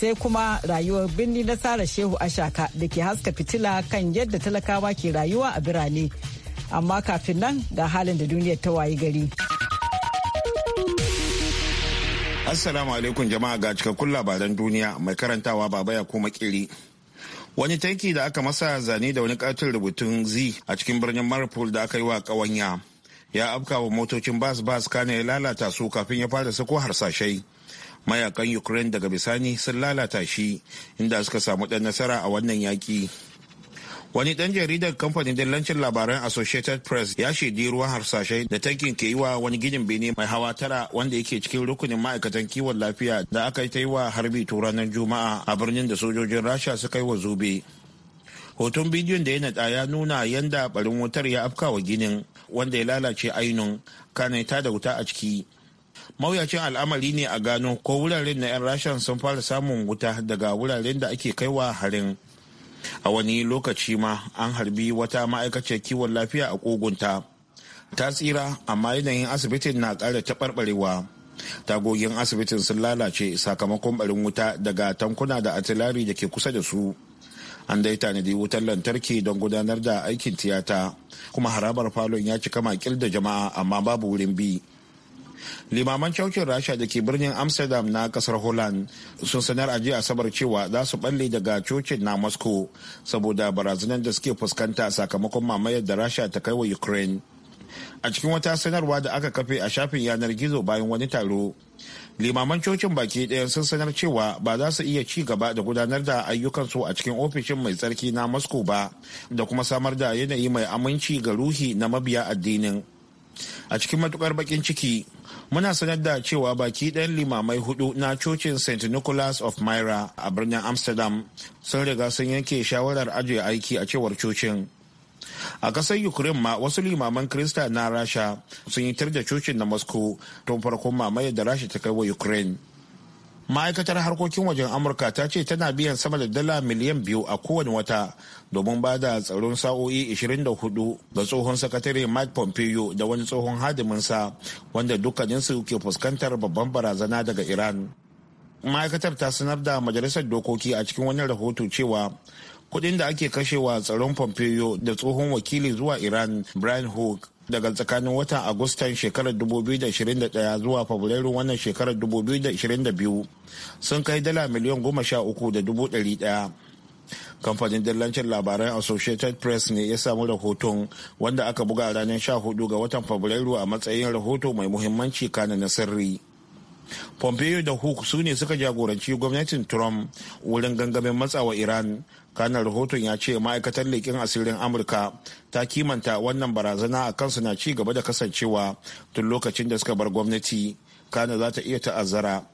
sai kuma rayuwar birni na Sara Shehu Ashaka da ke haska fitila kan yadda talakawa ke rayuwa a birane. Amma kafin nan ga halin da duniyar ta wayi gari. Assalamu alaikum jama'a ga cikakkun labaran duniya mai karantawa baba ya kuma kiri. Wani tanki da aka masa zane da wani katin rubutun Z a cikin birnin Maripol da aka yi wa ƙawanya. ya afka wa motocin bas bas kane ya lalata su kafin ya fara sako harsashai mayakan ukraine daga bisani sun lalata shi inda suka samu ɗan nasara a wannan yaki. wani dan jaridar kamfanin dillancin labaran associated press ya shaidi ruwan harsashai da tankin ke yi wa wani ginin bene mai hawa tara wanda yake cikin rukunin ma'aikatan kiwon lafiya da aka yi ta yi wa harbi turanar juma'a a birnin da sojojin rasha suka yi wa zube. hoton bidiyon da ya naɗa ya nuna yadda barin wutar ya afkawa ginin wanda ya lalace ainun kanai ta da wuta a ciki mawuyacin al'amari ne a gano ko wuraren na 'yan rashan sun fara samun wuta daga wuraren da ake kaiwa harin a wani lokaci ma an harbi wata ma'aikaciyar kiwon lafiya a kogunta ta tsira amma yanayin asibitin na ƙara taɓarɓarewa tagogin asibitin sun lalace sakamakon barin wuta daga tankuna da atilari da ke kusa da su an dai tanadi wutar lantarki don gudanar da aikin tiyata kuma harabar falon ya cika makil da jama'a amma babu wurin bi. limaman cocin rasha da ke birnin amsterdam na kasar holland sun sanar a jiya asabar cewa za su balle daga cocin na moscow saboda barazanar da suke fuskanta sakamakon mamayar da rasha ta kai wa ukraine a cikin wata sanarwa da aka kafe a shafin yanar gizo bayan wani taro limaman cocin baki ɗaya sun sanar cewa ba za su iya ci gaba da gudanar da ayyukansu a cikin ofishin mai tsarki na moscow ba da kuma samar da yanayi mai aminci ga ruhi na mabiya addinin a cikin matukar bakin ciki muna sanar da cewa baki ɗan limamai hudu na cocin st nicholas of myra a birnin amsterdam sun riga sun yanke shawarar ajiye aiki a cewar cocin a ƙasar ukraine ma wasu limaman krista na rasha sun yi tar da cocin na moscow tun farkon mamaye da rasha ta kai wa ukraine ma'aikatar harkokin wajen amurka ta ce tana biyan sama da dala miliyan biyu a kowane wata domin ba da tsaron sa'o'i 24 ga tsohon sakatare mike pompeo da wani tsohon hadiminsa wanda dukkaninsu ke fuskantar babban barazana daga iran ma'aikatar ta sanar da majalisar dokoki a cikin wani rahoto cewa kudin da ake kashewa tsaron pompeo da tsohon wakili zuwa iran brian hook daga tsakanin watan agustan shekarar 2021 zuwa fabrairu wannan shekarar 2022 sun kai dala miliyan goma sha uku da dubu ɗari ɗaya kamfanin dillancin labaran associated press ne ya samu rahoton wanda aka buga a ranar 14 ga watan fabrairu a matsayin rahoto mai muhimmanci kana na sirri pompeo da hook su ne suka jagoranci gwamnatin trump wurin gangamin matsawa iran kanan rahoton ya ce ma'aikatar leƙin asirin amurka ta kimanta wannan barazana a kansu na ci gaba da kasancewa tun lokacin da suka bar gwamnati kana za ta iya ta'azzara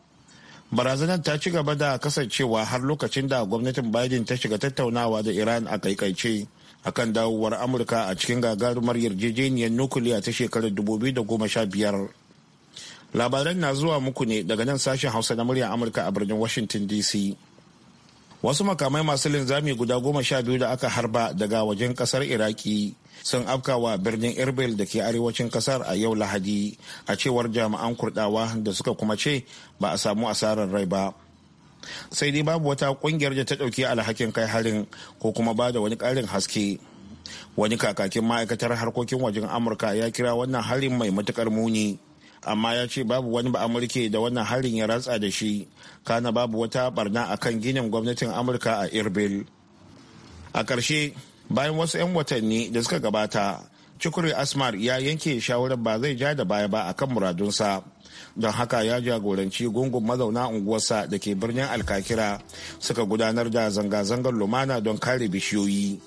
barazanar ta ci gaba da kasancewa har lokacin da gwamnatin biden ta shiga tattaunawa da iran a kaikaice akan dawowar amurka a cikin gagarumar yarjejeniyar nukuliya ta shekarar 2015 labaran na zuwa muku ne daga nan sashen hausa na murya amurka a birnin washington dc wasu makamai masu linzami guda goma sha biyu da aka harba daga wajen kasar iraki sun afkawa birnin erbil da ke arewacin kasar a yau lahadi a cewar jami'an kurdawa da suka kuma ce ba a samu asarar rai ba sai dai babu wata kungiyar da ta ɗauki alhakin kai harin ko kuma ba da wani karin haske wani kakakin ma'aikatar harkokin wajen amurka ya kira wannan harin mai matukar muni amma ya ce babu wani ba amurke da wannan harin ya ratsa da shi kana babu wata barna a kan ginin gwamnatin amurka a irbil a ƙarshe bayan wasu 'yan watanni da suka gabata cikuri asmar ya yanke shawarar ba zai ja da baya ba akan muradunsa don haka ya jagoranci gungun mazauna unguwarsa da ke birnin alkakira suka gudanar da zanga-zangar lumana don kare bishiyoyi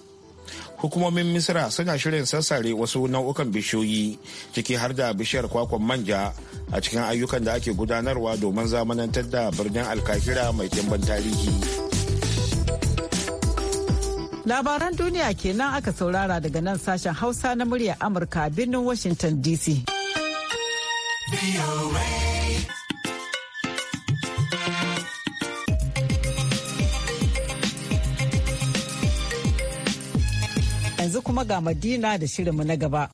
hukumomin misira suna shirin sassare wasu nau'ukan bishiyoyi ciki har da bishiyar kwakwan manja a cikin ayyukan da ake gudanarwa domin zamanantar da birnin alkahira mai dimbin tarihi labaran duniya kenan aka saurara daga nan sashen hausa na murya amurka birnin washington dc yanzu kuma ga Madina da shirinmu na gaba.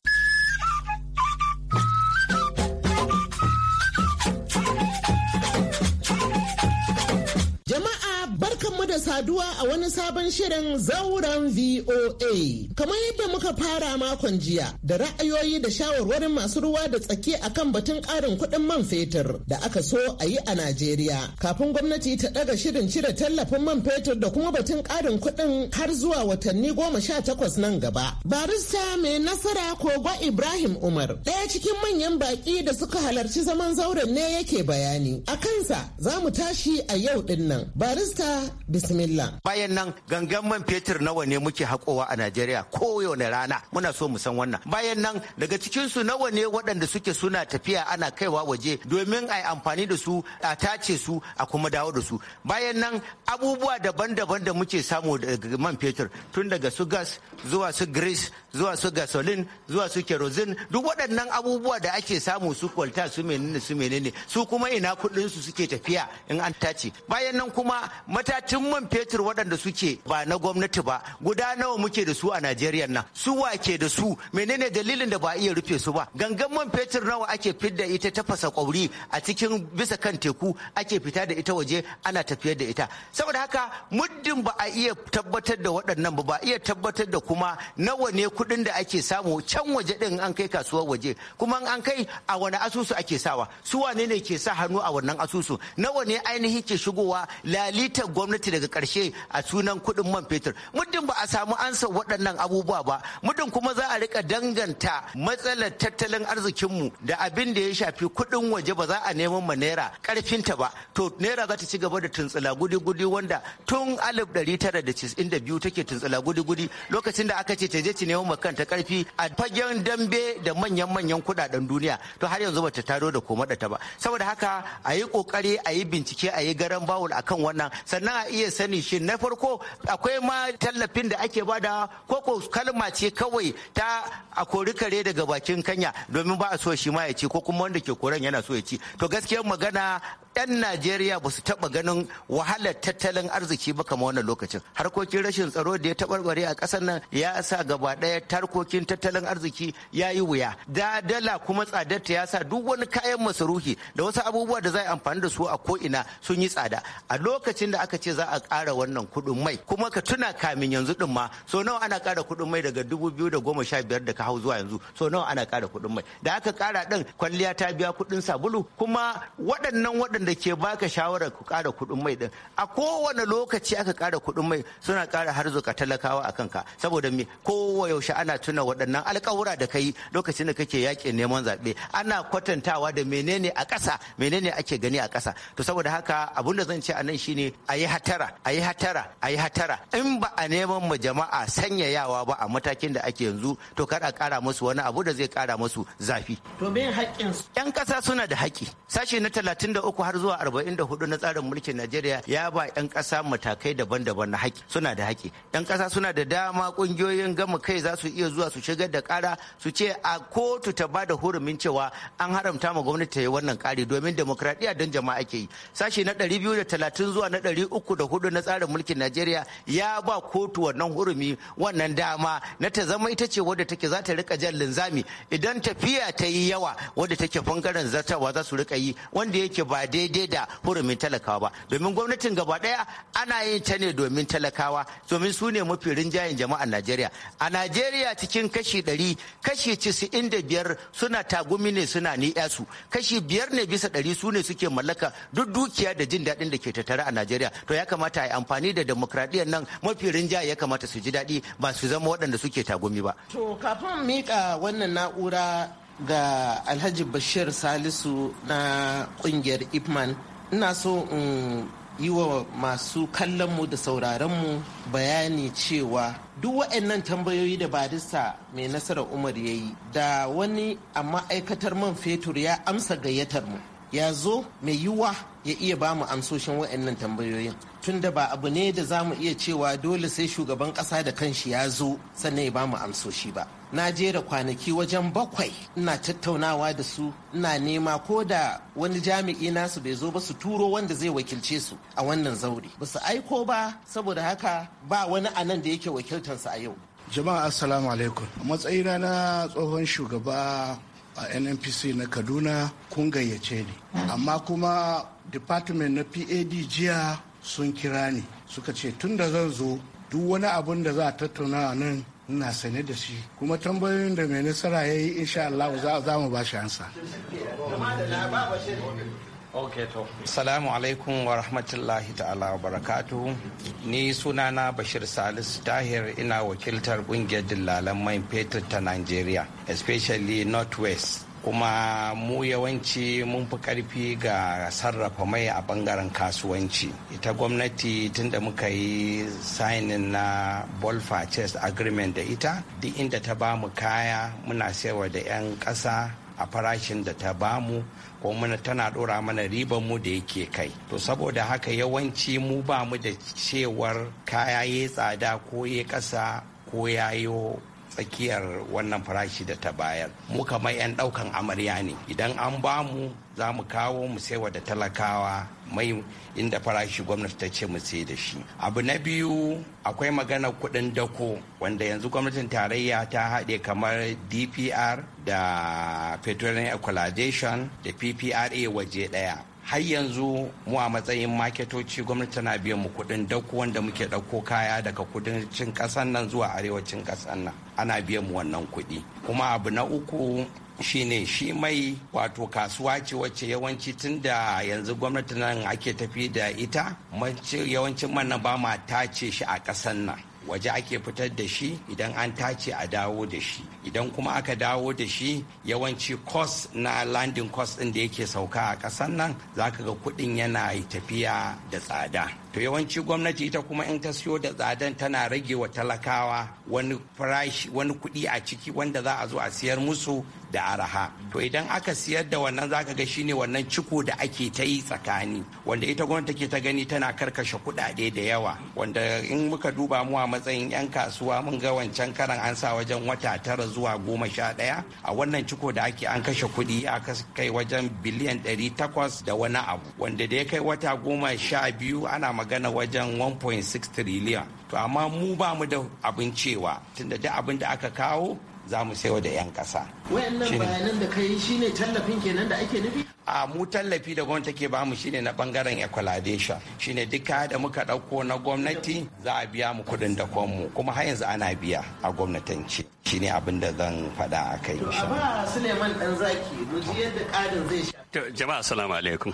saduwa a wani sabon shirin zauren VOA. Kamar yadda muka fara makon jiya da ra'ayoyi da shawarwarin masu ruwa da tsaki akan batun ƙarin kuɗin man fetur da aka so a yi a Najeriya. Kafin gwamnati ta ɗaga shirin cire tallafin man fetur da kuma batun ƙarin kuɗin har zuwa watanni goma sha takwas nan gaba. Barista mai nasara Kogo Ibrahim Umar ɗaya cikin manyan baƙi da suka halarci zaman zauren ne yake bayani. A kansa za mu tashi a yau ɗin nan. Barista Bismillah. illa bayan nan gangan man fetur nawa ne muke hakowa a Najeriya kowane rana muna so mu san wannan bayan nan daga cikin su nawa ne waɗanda suke suna tafiya ana kaiwa waje domin a yi amfani da su a tace su a kuma dawo da su bayan nan abubuwa daban-daban da muke samu daga man fetur tun daga su gas zuwa su grease zuwa su gasolin zuwa su kerosin, duk waɗannan abubuwa da ake samu su kwalta su menene su menene su kuma ina kuɗin su suke tafiya in an tace bayan nan kuma matatin man fetur waɗanda suke ba na gwamnati ba guda nawa muke da su a Najeriya nan su wake da su menene dalilin da ba iya rufe su ba gangan man fetur nawa ake fidda ita ta fasa kwauri a cikin bisa kan teku ake fita da ita waje ana tafiyar da ita saboda haka muddin ba a iya tabbatar da waɗannan ba ba iya tabbatar da kuma nawa ne kuɗin da ake samu can waje din an kai kasuwar waje kuma an kai a wani asusu ake sawa su wane ne ke sa hannu a wannan asusu nawa ne ainihi ke shigowa lalitar gwamnati daga karshe a sunan kuɗin man fetur muddin ba a samu ansa waɗannan abubuwa ba muddin kuma za a rika danganta matsalar tattalin arzikinmu da abin da ya shafi kuɗin waje ba za a neman ma naira karfinta ba to naira za ta ci gaba da tuntsula gudi-gudi wanda tun 1992 take tuntsula gudi-gudi lokacin da aka ce ta je ta neman ma kanta karfi a fagen dambe da manyan-manyan kudaden duniya to har yanzu bata taro da da ta ba saboda haka a yi kokari a yi bincike a yi garan bawul akan wannan sannan a iya sani shi na farko akwai ma tallafin da ake bada ko ko kalma ce kawai ta a kori kare daga bakin kanya domin ba a so shi ma ya ci ko kuma wanda ke koran yana so ya ci to gaskiyar magana 'yan Najeriya ba su taɓa ganin wahalar tattalin arziki ba kamar wannan lokacin. Harkokin rashin tsaro da ya taɓarɓare a ƙasar nan ya sa gaba ɗaya tarkokin tattalin arziki ya yi wuya. Da dala kuma tsadarta ya sa duk wani kayan masarufi da wasu abubuwa da za a amfani da su a ko'ina sun yi tsada. A lokacin da aka ce za a ƙara wannan kuɗin mai kuma ka tuna kamin yanzu ɗin ma so nawa ana ƙara kuɗin mai daga dubu biyu da goma sha biyar da ka hau zuwa yanzu so nawa ana ƙara kuɗin mai da aka ƙara ɗin kwalliya ta biya kuɗin sabulu kuma waɗannan waɗannan da ke baka shawarar ku ƙara kuɗin mai din a kowane lokaci aka ƙara kuɗin mai suna ƙara harzuka talakawa a kanka saboda me kowa yaushe ana tuna waɗannan alƙawura da kai lokacin da kake yaƙin neman zaɓe ana kwatantawa da menene a ƙasa menene ake gani a ƙasa to saboda haka abun da zan ce a nan shine a yi hatara a yi hatara a yi hatara in ba a neman ma jama'a sanyayawa ba a matakin da ake yanzu to kar a ƙara musu wani abu da zai ƙara musu zafi. To me haƙƙinsu? 'Yan ƙasa suna da haƙƙi. sashe na talatin da uku har zuwa 44 na tsarin mulkin Najeriya ya ba 'yan ƙasa matakai daban-daban na haƙƙi suna da haƙƙi 'yan ƙasa suna da dama ƙungiyoyin gama kai za su iya zuwa su shigar da ƙara su ce a kotu ta bada da hurumin cewa an haramta ma gwamnati ta yi wannan ƙari domin demokradiyya don jama'a ke yi sashi na 230 zuwa na 304 na tsarin mulkin Najeriya ya ba kotu wannan hurumi wannan dama na ta zama ita ce wadda take za ta rika jan linzami idan tafiya ta yi yawa wadda take bangaren zartawa za su rika yi wanda yake ba dai daidai da hurumin talakawa ba domin gwamnatin gaba daya ana yin ta ne domin talakawa domin su ne mafi rinjayen jama'ar najeriya a najeriya cikin kashi ɗari kashi casa'in da biyar suna tagumi ne suna ni su kashi biyar ne bisa ɗari su ne suke mallaka duk dukiya da jin daɗin da ke tattare a najeriya to ya kamata a yi amfani da demokradiyyar nan mafi rinjaye ya kamata su ji daɗi ba su zama waɗanda suke tagumi ba. to kafin mika wannan na'ura ga alhaji bashir salisu na kungiyar ipman ina so in yi wa masu kallonmu da sauraronmu bayani cewa duk waɗannan tambayoyi da barista mai nasarar umar ya yi da wani a ma'aikatar man fetur ya amsa gayyatar mu ya zo mai yiwuwa ya iya ba mu amsoshin waɗannan tambayoyin tunda ba abu ne da za mu iya cewa dole sai shugaban ƙasa da kanshi ya zo sannan ya ba mu amsoshi ba na je da kwanaki wajen bakwai ina tattaunawa da su ina nema ko da wani jami'i nasu bai zo ba su turo wanda zai wakilce su a wannan zauri ba su aiko ba saboda haka ba wani anan da yake wakiltansa a yau jama'a assalamu alaikum a matsayina na tsohon shugaba a nnpc na kaduna kun gayyace ni amma kuma department na pad jiya sun kira ni suka ce tun da zan zo duk wani abun da za a tattauna nan ina sane da shi kuma tambayoyin da mai nasara ya yi insha za mu ba shi ansa. Okay, Salamu alaikum wa rahmatullahi ta'ala wa barakatuhu. Ni sunana Bashir Salisu Tahir ina wakiltar kungiyar dillalan mai fetur ta nigeria especially Northwest. kuma mu yawanci mun fi karfi ga sarrafa mai a bangaren kasuwanci ita gwamnati tunda muka yi sainin na Bolfa purchase agreement da ita duk inda ta ba mu kaya muna sayarwa da 'yan ƙasa a farashin da ta bamu ko muna tana ɗora mana riban mu da yake kai to saboda haka yawanci mu ba mu da cewar kaya ya tsada ko ya ƙasa ko yayo tsakiyar wannan farashi da ta bayar mu kamar 'yan ɗaukan amarya ne idan an bamu za mu kawo mu sai wa da talakawa mai inda farashi gwamnati ta ce mu sai da shi abu na biyu akwai magana kuɗin dako wanda yanzu gwamnatin tarayya ta haɗe kamar dpr da petroleum equalization da ppra waje ɗaya har yanzu mu a matsayin maketoci gwamnati tana biyan mu kuɗin dauko wanda muke ɗauko kaya daga kudancin ƙasar nan zuwa arewacin ƙasar nan ana biyan mu wannan kuɗi kuma abu na uku shine shi mai wato kasuwa ce wacce yawanci tun da yanzu gwamnati nan ake tafi da ita yawancin manna ba ma tace shi a ƙasan nan waje ake fitar da shi idan an tace a dawo da shi idan kuma aka dawo da shi yawanci cost na landing cost ɗin da yake sauka a ƙasar nan zaka ga kuɗin yana tafiya da tsada to yawanci gwamnati ita kuma in ta siyo da tsadan tana rage wa talakawa wani farashi wani kuɗi a ciki wanda za a zo a siyar musu da araha to idan aka siyar da wannan zaka ga shine wannan ciko da ake ta yi tsakani wanda ita gwamnati take ta gani tana karkashe kuɗaɗe da yawa wanda in muka duba mu a matsayin 'yan kasuwa mun ga wancan karan an sa wajen wata tara zuwa goma sha ɗaya a wannan ciko da ake an kashe kuɗi a kai wajen biliyan ɗari takwas da wani abu wanda da ya kai wata goma sha biyu ana magana wajen 1.6 trillion to amma mu ba mu da abin cewa tunda duk abin da aka kawo za mu sayo da 'yan ƙasa. Wayannan bayanan da shi ne tallafin kenan da ake nufi? A mu tallafi da gwamnati ke bamu shine na bangaren Shi shine duka da muka ɗauko na gwamnati za a biya mu kuɗin da mu kuma har yanzu ana biya a gwamnatance shine abin da zan faɗa a kai. Ba Suleiman ɗan zaki mu ji yadda ƙarin zai sha. Jama'a assalamu alaikum.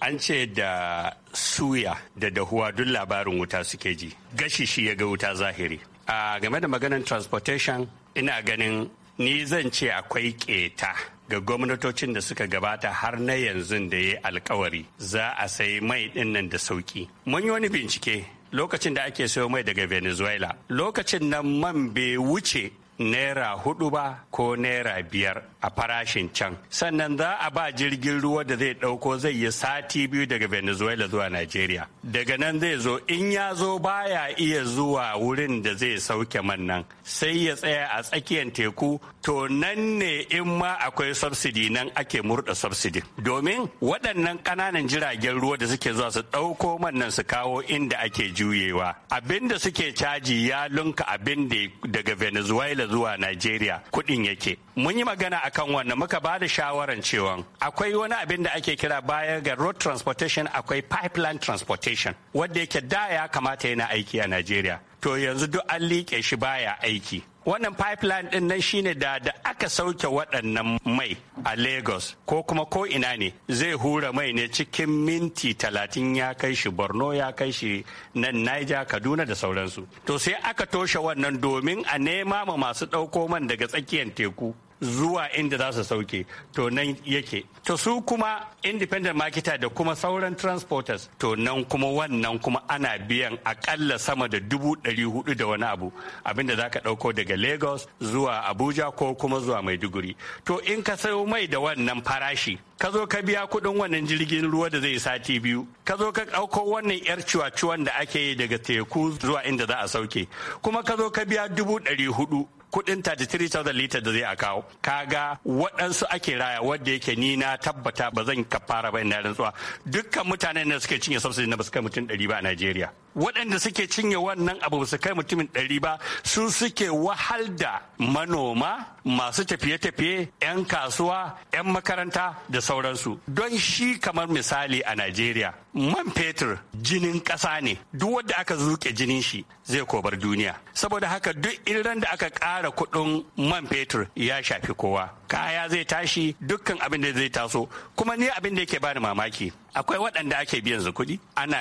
An ce da suya da dahuwa duk labarin wuta suke ji. Gashi shi ya ga wuta zahiri. a game da maganar transportation ina ganin ni zan ce akwai keta ga gwamnatocin da suka gabata har na yanzu da ya alkawari za a sayi mai dinnan da sauƙi. Mun yi wani bincike lokacin da ake sayo mai daga venezuela lokacin nan man bai wuce naira hudu ba ko naira biyar a farashin can sannan za a ba jirgin ruwa da zai dauko zai yi sati biyu daga venezuela zuwa nigeria daga nan zai zo in ya zo baya iya zuwa wurin da zai sauke man nan sai ya tsaya a tsakiyar teku to nan ne in ma akwai subsidi nan ake murda subsidi domin waɗannan ƙananan jiragen ruwa da suke zuwa su ɗauko man nan su kawo inda ake juyewa abin da suke caji ya lunka abin da daga venezuela da zuwa Najeriya kuɗin yake. Mun yi magana a kan wannan muka ba da shawaran cewa akwai wani abin da ake kira baya ga road transportation akwai pipeline transportation wadda yake da ya kamata yana aiki a Najeriya. To yanzu duk an liƙe shi baya aiki. wannan pipeline din nan shine da da aka sauke waɗannan mai a lagos ko kuma ko ina ne zai hura mai ne cikin minti talatin ya kai shi borno ya kai shi nan niger kaduna da sauransu to sai aka toshe wannan domin a nema ma masu ɗauko man daga tsakiyar teku zuwa inda za su sauke to nan yake to su kuma independent marketer da kuma sauran transporters to nan kuma wannan kuma ana biyan akalla sama da dubu ɗari hudu da wani abu abinda za ka ɗauko daga lagos zuwa abuja ko kuma zuwa maiduguri to in ka sayo mai da wannan farashi ka zo ka biya kuɗin wannan jirgin ruwa da zai sati biyu ka zo ka ɗauko wannan yar ciwaciwan da ake yi daga teku zuwa inda za a sauke kuma ka zo ka biya dubu ɗari hudu kudin 33,000 litar da zai a kawo kaga waɗansu ake raya wadda yake ni na tabbata ba zan fara ba ina rantsuwa dukkan mutanen da suke cinye subsidy na basu kai mutum 100 ba a Najeriya waɗanda suke cinye wannan abu su kai mutumin ɗari ba su suke wahal da manoma masu tafiye-tafiye 'yan kasuwa 'yan makaranta da sauransu don shi kamar misali a najeriya man fetur jinin ƙasa ne duk wanda aka zuke jinin shi zai kobar duniya saboda haka duk irin da aka ƙara kuɗin man fetur ya shafi kowa kaya zai tashi dukkan abin da zai taso kuma ni abin da yake bani mamaki akwai waɗanda ake biyan su kuɗi ana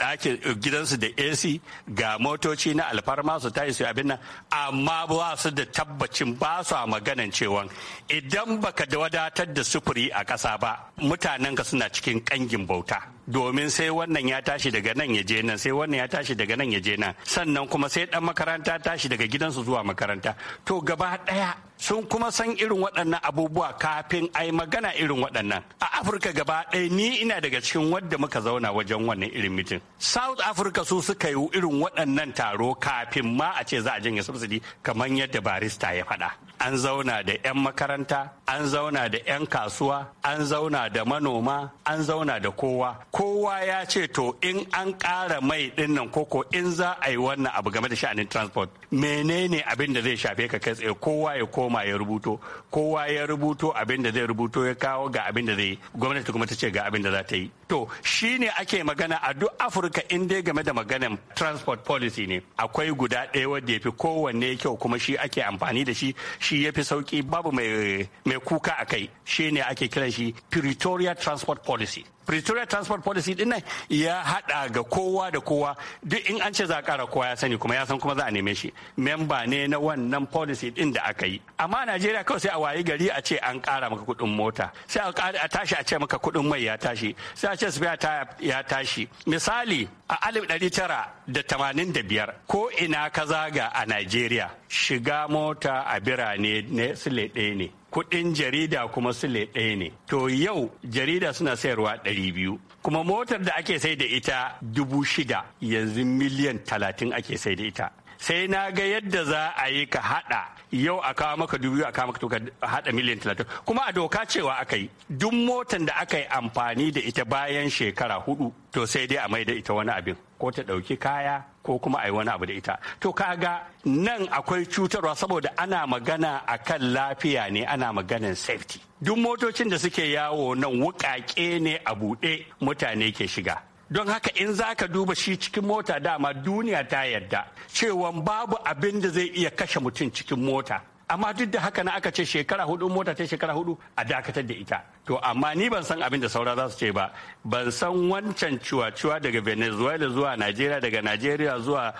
ake eh, gidansu da ac ga motoci na alfarma su tashi su abin nan amma ba su da tabbacin ba su a maganan cewa idan baka da wadatar da sufuri a ƙasa ba mutanen ka suna cikin ƙangin bauta domin sai wannan ya tashi daga nan ya je nan sai wannan ya tashi daga nan ya je nan sannan kuma sai dan makaranta tashi daga gidansu zuwa makaranta to gaba daya sun kuma san irin waɗannan abubuwa kafin a yi magana irin waɗannan a afirka gaba ɗaya ni ina daga cikin wadda muka zauna wajen wannan irin mitin south africa su suka yi irin waɗannan taro kafin ma a ce za a janye subsidy kamar yadda barista ya faɗa an zauna da 'yan makaranta an zauna da 'yan kasuwa an zauna da manoma an zauna da kowa kowa ya ce to in an ƙara mai dinnan koko in za a yi wannan abu game da sha'anin transport menene abin da zai shafe ka kai tsaye kowa ya koma ya rubuto kowa ya rubuto abin da zai rubuto ya kawo ga abin da zai gwamnati kuma ta ce ga abin da za ta yi to shine ake magana a duk afirka in dai game da maganan transport policy ne akwai guda ɗaya wanda ya fi kowanne kyau kuma shi ake amfani da shi shi ya fi sauki babu mai kuka a kai shi ne ake kiran shi pretoria transport policy pretoria transport policy din nan ya hada ga kowa da kowa duk in an ce za a kara kowa ya sani kuma ya san kuma za a neme shi memba ne na wannan policy din da aka yi amma najeriya kawai sai a wayi gari a ce an kara maka kudin mota sai a tashi a ce maka kudin mai ya tashi sai a ce spare tire ya tashi misali a 1985 ko ina ka zaga a najeriya shiga mota a birane ne sile ɗaya ne kuɗin jarida kuma sule ɗaya ne to yau jarida suna sayarwa ɗari biyu kuma motar da ake sai da ita dubu shida yanzu miliyan talatin ake sai da ita sai na ga yadda za a yi ka haɗa yau a kawo maka dubu a kawo maka toka hada miliyan talatin kuma a doka cewa aka yi duk motan da aka yi amfani da ita bayan shekara hudu to sai dai a mai da ita wani abin ko ta ɗauki kaya ko kuma a yi wani abu da ita to kaga nan akwai cutarwa saboda ana magana a kan lafiya ne ana maganan safety duk motocin da suke yawo nan wukake ne a buɗe mutane ke shiga don haka in za ka duba shi cikin mota dama duniya ta yadda cewa babu abin da zai iya kashe mutum cikin mota amma duk da haka na aka ce shekara hudu mota ta shekara hudu a dakatar da ita to amma ni ban san abin da saura za su ce ba ban san wancan ciwa-ciwa daga venezuela zuwa nigeria daga nigeria zuwa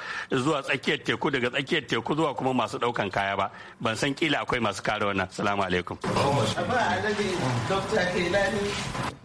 zuwa tsakiyar teku daga tsakiyar teku zuwa kuma masu daukan kaya ba ban san kila akwai masu kare wannan salamu alaikum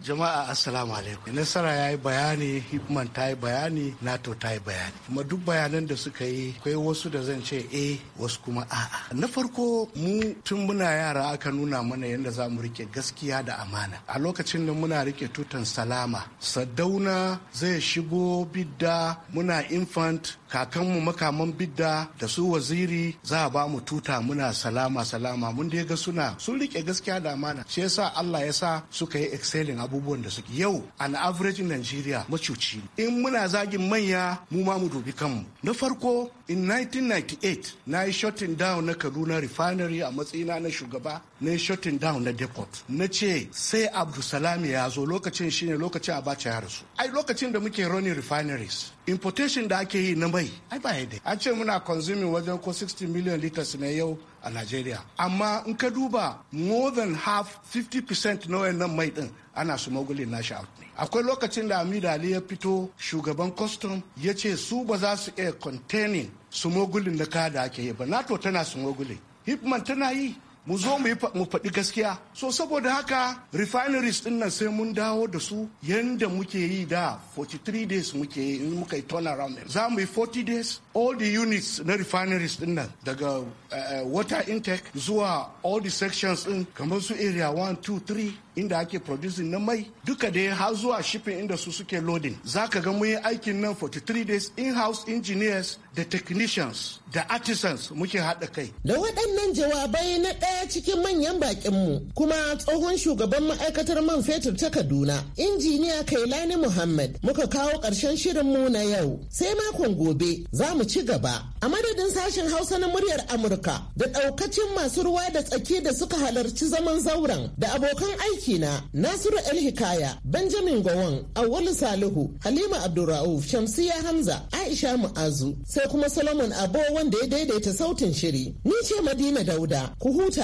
jama'a assalamu alaikum nasara ya yi bayani hikman ta yi bayani nato ta yi bayani kuma duk bayanan da suka yi akwai wasu da zan ce eh wasu kuma a'a na farko mu tun muna yara aka nuna mana yadda za mu rike gaskiya da amana a lokacin da muna rike tutan salama sadauna zai shigo bidda muna infant kakanmu makaman bidda da su waziri za a ba mu tuta muna salama salama mun dai ga suna sun rike gaskiya da amana shi yasa Allah ya sa suka yi excelling abubuwan da suke yau an average Nigeria macuci in muna zagin manya mu ma mu dubi kanmu na farko in 1998 na yi shutting down na Kaduna refinery a matsayina na shugaba na shutting down na depot na ce sai abdulsalami ya zo lokacin shine lokacin abacha ya rasu ai lokacin da muke running refineries importation da ake yi na mai ai ba yadda an ce muna consuming wajen ko 60 million liters na yau a Najeriya. Amma in ka duba more than half 50% na wayannan mai din ana su na nashi out ne. Akwai lokacin da Amida Ali ya fito shugaban custom ya ce su ba za su iya containing su na na kada ake yi ba. NATO tana su magulin. Hipman tana yi mu zo mu faɗi gaskiya so saboda haka refineries din nan sai mun dawo da su yadda muke yi da 43 days muke yi in muka yi turnaround za mu yi 40 days all the units na refineries din nan daga eh, eh, water intake zuwa all the sections din kamar su area 1 2 3 inda ake producing na mai duka da har zuwa shipping inda su suke loading za ka ga mun yi aikin nan 43 days in-house engineers da technicians da artisans muke haɗa kai da waɗannan jawabai na ɗaya daya cikin manyan mu kuma tsohon shugaban ma'aikatar man fetur ta Kaduna, injiniya Kailani Muhammad muka kawo ƙarshen mu na yau. Sai makon gobe za mu ci gaba. A madadin sashen Hausa na muryar Amurka da ɗaukacin masu ruwa da tsaki da suka halarci zaman zauren da abokan aiki na Nasiru El Hikaya, Benjamin Gowon, awwalu Salihu, Halima Abdulra'uf, Shamsiya Hamza, Aisha Mu'azu, sai kuma Solomon Abo wanda ya daidaita sautin shiri. Ni ce Madina Dauda, ku huta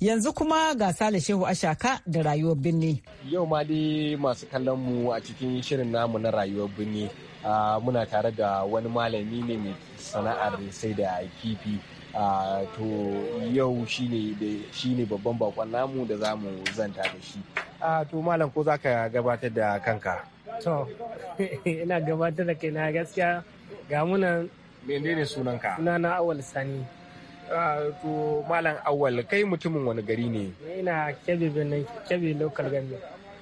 Yanzu kuma ga Sale Shehu Ashaka da rayuwar birni. Yau ma dai masu kallon mu a cikin shirin namu na rayuwar birni muna tare da wani malami ne mai sana'ar sai da kifi. to yau shi ne babban bakon namu da za mu zanta da shi. To malam ko za ka gabatar da kanka? To, ina gabatar da na gaskiya ga munan. Menene sunanka? Sunana Awal Sani. Ah, to malam awal kai mutumin wani gari ne ina kebe benin kebe local gari.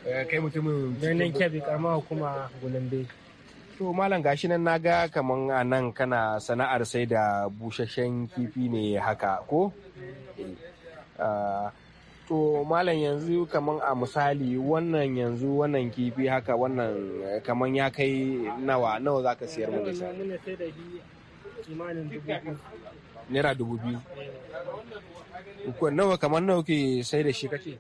Eh, kai mutumin benin kebe karama hukuma gulambe to malam gashi nan naga kaman a nan kana sana'ar sai da busasshen kifi ne haka ko eh, ah, to malam yanzu kaman a misali wannan yanzu wannan kifi haka wannan eh, kaman ya kai nawa nawa zaka siyar mu da shi naira dubu biyu nawa kamar nawa ke sai da shi kake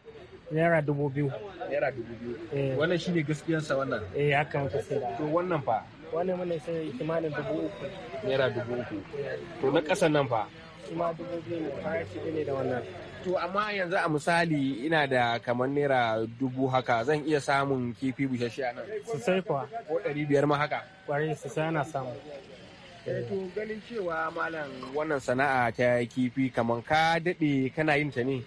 naira dubu biyu naira dubu biyu eh. wannan shine gaskiyansa wannan eh haka muka sai da to wannan fa wannan mun sai kimanin dubu uku naira dubu uku eh. to na kasan nan fa kuma dubu biyu ne shi ne da wannan to amma yanzu a misali ina da kamar naira dubu haka zan iya samun kifi bushashe a nan sosai kuwa ko ɗari biyar ma haka su sosai ana samu Eh. Eh, to ganin cewa malam wannan sana'a ta kifi kamar ka daɗe kana yin ta ne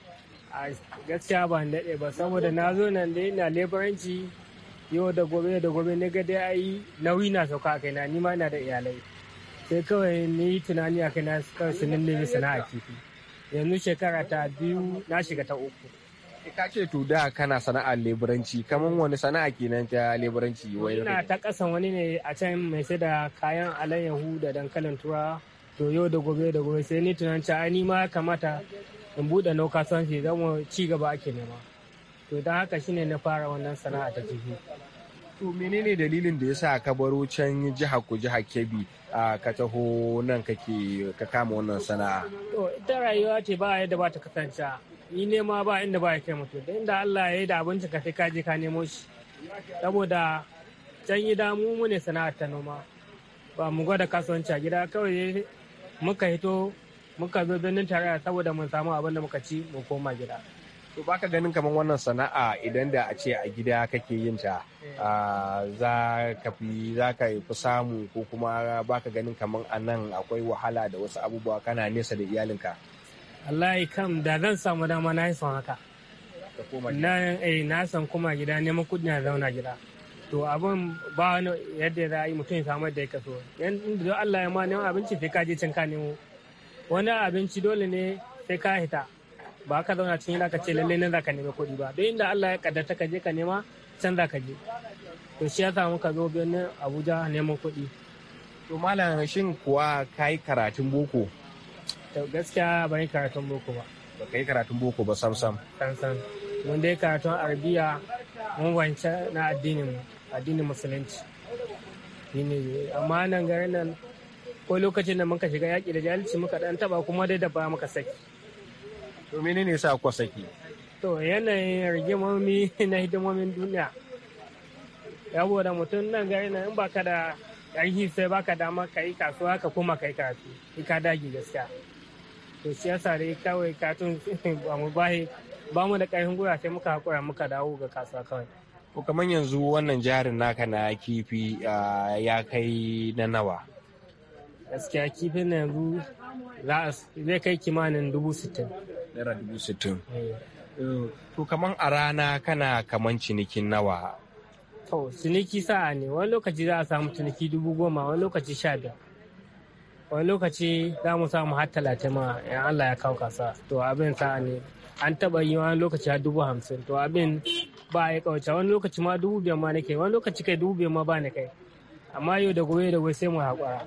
a gaskiya ba daɗe ba saboda na zo nan dai na lebaranci yau da gobe da gobe na ga dai ai nauyi na sauka a kaina ni ma ina da iyalai sai kawai ni yi tunani a kaina kawai su nemi sana'a kifi yanzu shekara ta biyu na shiga ta uku Eh, ka ce to da kana sana'ar leburanci kamar wani sana'a kenan ta leburanci wai ina ta kasan wani ne a can mai sai da kayan alayyahu da dankalin tura to yau da gobe da gobe sai ni tunanci ai ani ma kamata in buɗe nau shi zan ci gaba ake nema to dan haka shine na fara wannan sana'a ta kifi to menene dalilin da yasa ka baro can jihar ku jihar Kebbi a ka taho nan kake ka kama wannan sana'a to ita rayuwa ce ba yadda ba ta kasance yi nema ba inda ba ya kai mutu da inda Allah ya yi da abinci ka ka je ka nemo shi saboda can yi damu mu ne sana'ar ta noma ba mu gwada kasuwanci a gida kawai muka hito muka zo birnin tare saboda mun samu abin da muka ci mu koma gida to baka ganin kamar wannan sana'a idan da a ce a gida kake yin ta eh. za ka fi za ka fi samu ko kuma baka ganin kamar a nan akwai wahala da wasu abubuwa kana nesa da iyalinka Allah kam da zan samu dama na yi son haka na eh, na san kuma gida neman kuɗi na zauna gida to abin ba wani yadda za a yi mutum ya samu da ya kaso yan da Allah ya ma neman abinci sai ka je can ka nemo wani abinci dole ne sai ka hita ba ka zauna cikin yadda ka ce lalle nan za ka nemi kuɗi ba don inda Allah ya kaddata ka je ka nema can za ka je to shi ya samu ka zo birnin Abuja neman kuɗi. To malam shin kuwa ka yi karatun boko gaskiya ban yi karatun boko ba ba ka yi karatun boko ba sam sam sam sam mun dai karatun arabiya mun wance na addinin addinin musulunci shine amma nan garin nan ko lokacin da muka shiga yaƙi da jahilci muka dan taba kuma dai da ba muka saki to menene yasa ku saki to yanayin rigimomi na hidimomin duniya saboda mutum nan gari na in baka da ƙarfi sai baka dama ka yi kasuwa ka koma ka yi karatu ka dagi gaskiya to siyasa dai kawai katun ba mu bahi ba mu da karfin gura sai muka hakura muka dawo ga kasuwa kawai ko kamar yanzu wannan jarin naka na kifi ya kai na nawa gaskiya kifin na yanzu zai kai kimanin dubu sittin naira dubu sittin eh. to kamar a rana kana kamar cinikin nawa to ciniki sa'a ne wani lokaci za a samu ciniki dubu goma wani lokaci sha biyar wani lokaci za mu samu har talatin ma in Allah ya kawo kasa to abin sa'a ne an taɓa yi wani lokaci har dubu hamsin to abin ba ya kauce wani lokaci ma dubu biyar ma nake wani lokaci kai dubu biyar ma ba ni kai amma yau da gobe da gobe sai mu haƙura.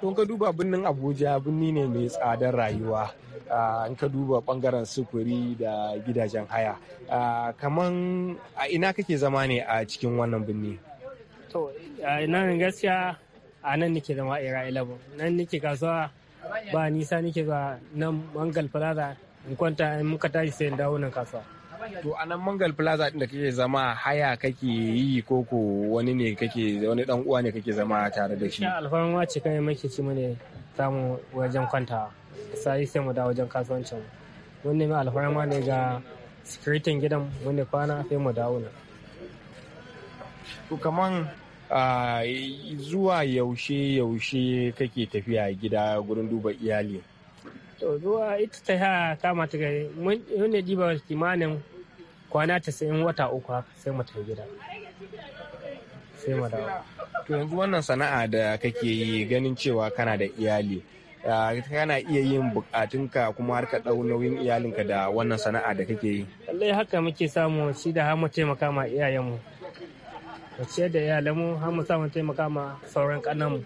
tun ka duba birnin abuja birni ne mai tsadar rayuwa an ka duba bangaren sufuri da gidajen haya kaman a ina kake zama ne a cikin wannan birni to ina gaskiya a nan nake zama era 11 nan nake kasuwa ba nisa nake zuwa nan mangal plaza in kwanta in muka tashi sai in dawo nan kasuwa to a nan mangal plaza din da kake zama haya kake yi koko wani ne kake wani dan uwa ne kake zama tare da shi alfarma ce kai muke ci mu ne samu wajen kwanta, sai sai mu dawo wajen kasuwancin mu wani mai alfarma ne ga sikiritin gidan wani kwana sai mu dawo nan kaman zuwa yaushe yaushe kake tafiya gida gurin duba iyali to zuwa ita ta ya kama ta gari mun diba kimanin kwana 90 wata uku haka sai mu gida sai mu to yanzu wannan sana'a da kake yi ganin cewa kana da iyali kana iya yin bukatunka kuma har ka ɗau nauyin iyalinka da wannan sana'a da kake yi lallai haka muke samu shi da har mu taimaka ma iyayenmu ka ciyar da mu har mu samu taimaka ma sauran kananmu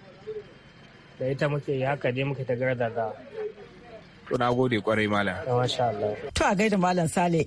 da ita muke yi haka dai muke ta gardaza. To na gode kwarai malam. To a gaida malam Sale.